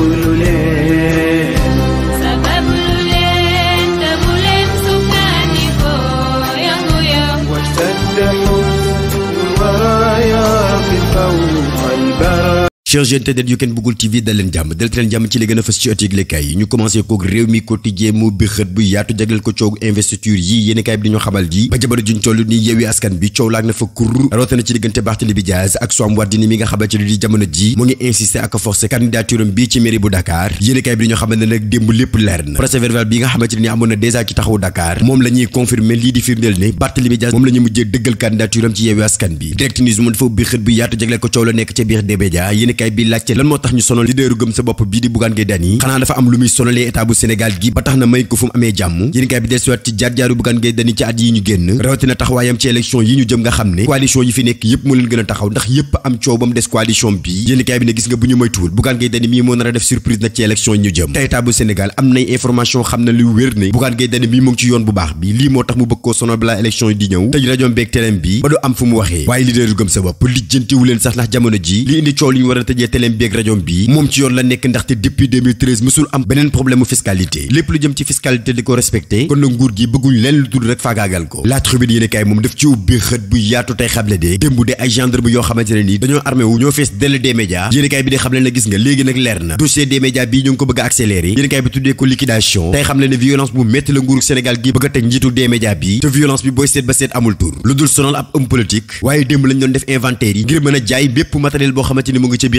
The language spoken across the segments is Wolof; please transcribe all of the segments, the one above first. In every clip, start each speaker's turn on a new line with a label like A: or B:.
A: Bulu chers jeunes tedeen yu kenn bëggul TV dal jàmm dal jàmm ci li gën a fës ci ëtt yi ñu commencé koog réew mi quotidien mu bi xët bu yaatu jagleel bi ni ñu xamal nag démb lépp leer na procès verbal bi nga xamante ne ni amoon na déjà ci taxawu Dakar moom la ñuy lii di firndeel ne Barthélémy Dias moom la mujjee dëggal candidature ci yeewi askan bi direct news ubbi xët bu yaatu jagleel coow la nekk ca biir yéenekaay lan moo tax ñu sonal leaderu gëm sa bopp bii di Bougane Gueye mii moo ci yoon bu baax bi lii moo tax mu bëgg koo sonal balaa élection di ñëw tëj rajoom beeg terrain bi ba du am fu mu waxee waaye leaderu gëm sa bopp lijjantiwu sax ndax jamono ji li indi coow li ñu war a tëjee teleem bi ak rajoom bii moom ci yoon la nekk ndaxte depuis 2013 mësul am beneen problème fiscalité lépp lu jëm ci fiscalité di ko respecté kon na nguur gi bëgguñ leen lu tudd rek faagaagal ko La Tribune yéen moom daf ci ubbi xët bu yaatu tey xamle de démb de ay gendarme yoo xamante ne nii dañoo armé ñoo fees dell des médias yéen bi di xamle na gis nga léegi nag leer na dossier des médias bii ñu ngi ko bëgg a accéléré bi tuddee ko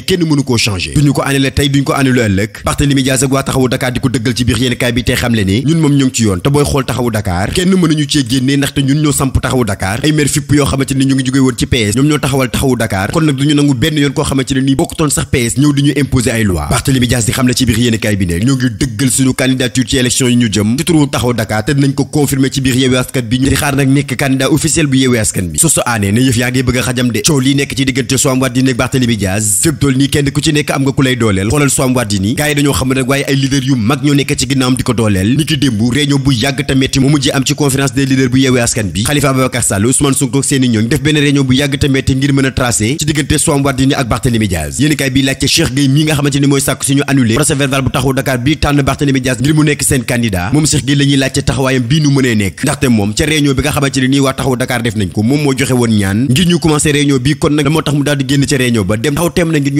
A: ne kenn mënu koo changé duñu ko annulé tey duñu ko annulé ëllëg Barthélémy Dias ak waa taxawu Dakar di ko dëggal ci biir yéen kaay bi tey xam ci yoon te booy xool ñoo samp taxawu Dakar ay maire fipp yoo ñu ngi ci PS taxawu Dakar kon nag duñu nangu ci biir yéen kaay bi ne ñoo ngi dëggal suñu candidature ci élection yi ñu jëm ci turu ci biir Yewwi Askan bi di nekk candidat officiel bu Yewwi aanee ne yëf yaa ngi bëgg a xajam de coow lii nekk ci diggante toll nii kenn ku ci nekk am nga ku lay dooleel xoolal Soham Wardini gars yi dañoo xam ne waaye ay leader yu mag ñoo nekk ci ginnaawam moom Cheikh Gueye la laajte taxawaayam bii nu mënee nekk ndaxte moom ca réunion bi nga xamante ni nii waa taxaw Dakar def nañ ko moom moo joxe woon ñaan ngir ñu commencé réunion bi kon nag moo tax mu daal génn ca réunion ba dem taxaw teem na ngir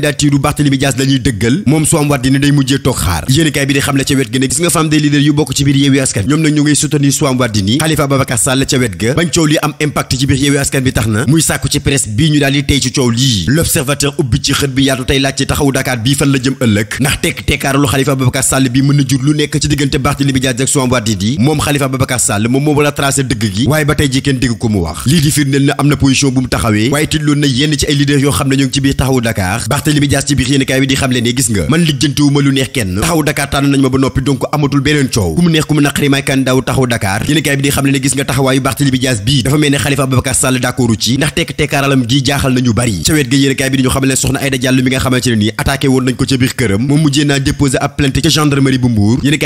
A: candidature Barthélémy Dias la ñuy dëggal moom soo am war dina day mujjee toog xaar yéenekaay bi di xam la ca wet ga ne gis nga femme des leaders yu bokk ci bi tax na muy sàkku ci presse bii ñu di tey ci coow lii l'observateur ubbi bi yaatu tey laaj ci taxawu Dakar bii fan la moom moom moo wala tracé dëgg gi waaye ba tey ji kenn dégg ko mu wax lii di firndeel na am na position bu mu taxawee waaye tiit loon na yenn ci ay leaders yoo Barthélémy Dias ci biir yéenekaay bi di xamle ne gis nga man lijjantiwuma lu neex kenn taxaw Dakar tànn nañ ma ba noppi donc amatul beneen coow ku neex ku naqari may kandidaaw taxaw Dakar yéenekaay bi di xamle ne gis nga taxawaayu Barthélémy Dias bii dafa mel ne Khalifa Ababacar Sall d'accordu ci ndax tekk tekkaaralam gi jaaxal nañu bari ca wet ga yéenekaay bi di ñu xamle ne soxna Aïda Diallo mi nga xamante ne nii attaqué woon nañ ko ca biir këram moom mujjee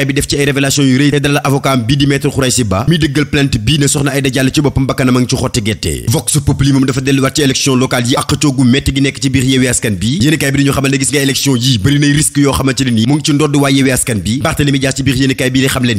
A: bi def ci ay révélation yu rëy te dalal avocat bii di maître Khouraïssi Ba mi dëggal plainte bii ne a ngi yéen kaay bi di ñu xamal ne gis nga élection yi bëri nay risque yoo xamante ne nii mu ngi ci ndodd waa Yewwi askan bi Barthélémy Dias ci biir yéen kaay bi di xamle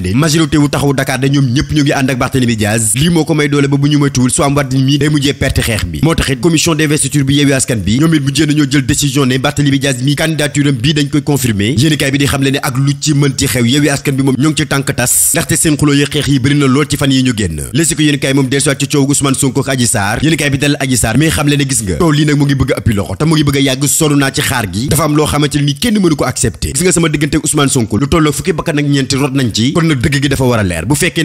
A: ne majorité wu taxawu Dakar da ñoom ñëpp ñu ngi ànd ak Barthélémy Dias lii moo ko may doole ba bu ñu moytuwul soo am wàddi mi day mujjee perte xeex bi moo taxit commission d'investiture bi Yewwi askan bi ñoom it mujjee nañoo jël décision ne Barthélémy Dias mi candidature mbiram bii dañ koy confirmer yéenekaay bi di xam le ak lu ci mënti xew Yewwi Askan bi moom ñoo ci tànk tas ndaxte seen xuloo yi xeex yi moom dellusiwaat ci coow Ousmane mu ngi bëgg a mu fekkee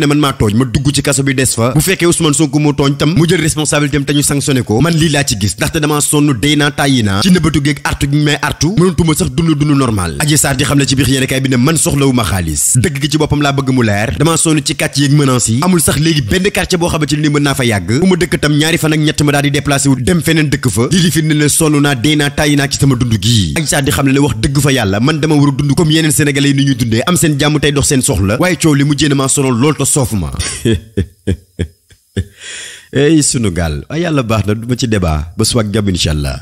A: artu gi may dund dund normal Adji Sarr di xam ne ci biir yéenekaay bi ne man soxlawuma xaalis dëgg gi ci boppam laa bëgg mu leer damaa sonn ci quartier yeeg menaces yi amul sax léegi benn quartier boo xamante ni mën naa fa yàgg bu ma dëkk ñaari fan ak ñett ma daal di déplacé dem feneen dëkk fa lii di fi ne ne sonn naa dee naa tàyyi naa ci sama dund gii Adji di xam ne wax dëgg fa yàlla man dama war a dund comme yeneen sénégalais yi ni ñuy dundee am seen jàmm li mu jéem maa sonal lool te sunu gaal yàlla baax na du ma ci débat ba suwag jàmm incha allah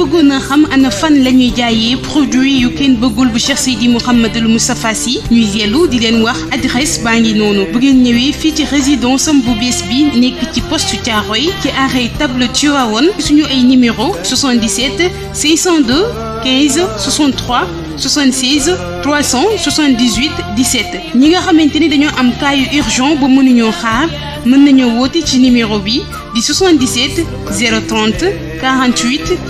B: Nous xam ana fan lañuy jaayee produit yu kenn bëggul bu Cheikh Seydi Mouhamadul Moustapha Sy ñuy yellu di leen wax adresse baa ngi noonu bu ngeen ñëwee fii ci résidence am bu bees bi nekk ci poste Thiaroye ci arrêt table Tivaouane suñu ay numéro 77 502 15 63 76 378 17 ñi nga xamante ni am cas urgent bu mënuñoo xaar mën nañoo woote ci numéro bi di 77 030 48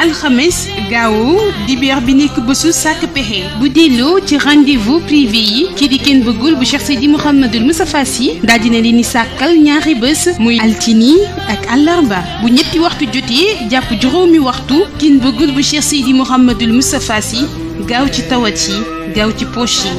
B: alxames gaawu dibeer bi nekk bésu sàkk pexe bu delloo ci rendez-vous privé yi kii di kenn bëggul bu Cheikh Seydi Mouhamadul Moustapha yi daal dina leen sàkkal ñaari bés muy altini ak àllarba bu ñetti waxtu jotee jàpp juróomi waxtu kenn bëggul bu Cheikh Seydi Mouhamadul Moustapha Sy gaaw ci tawat yi gaaw ci poche yi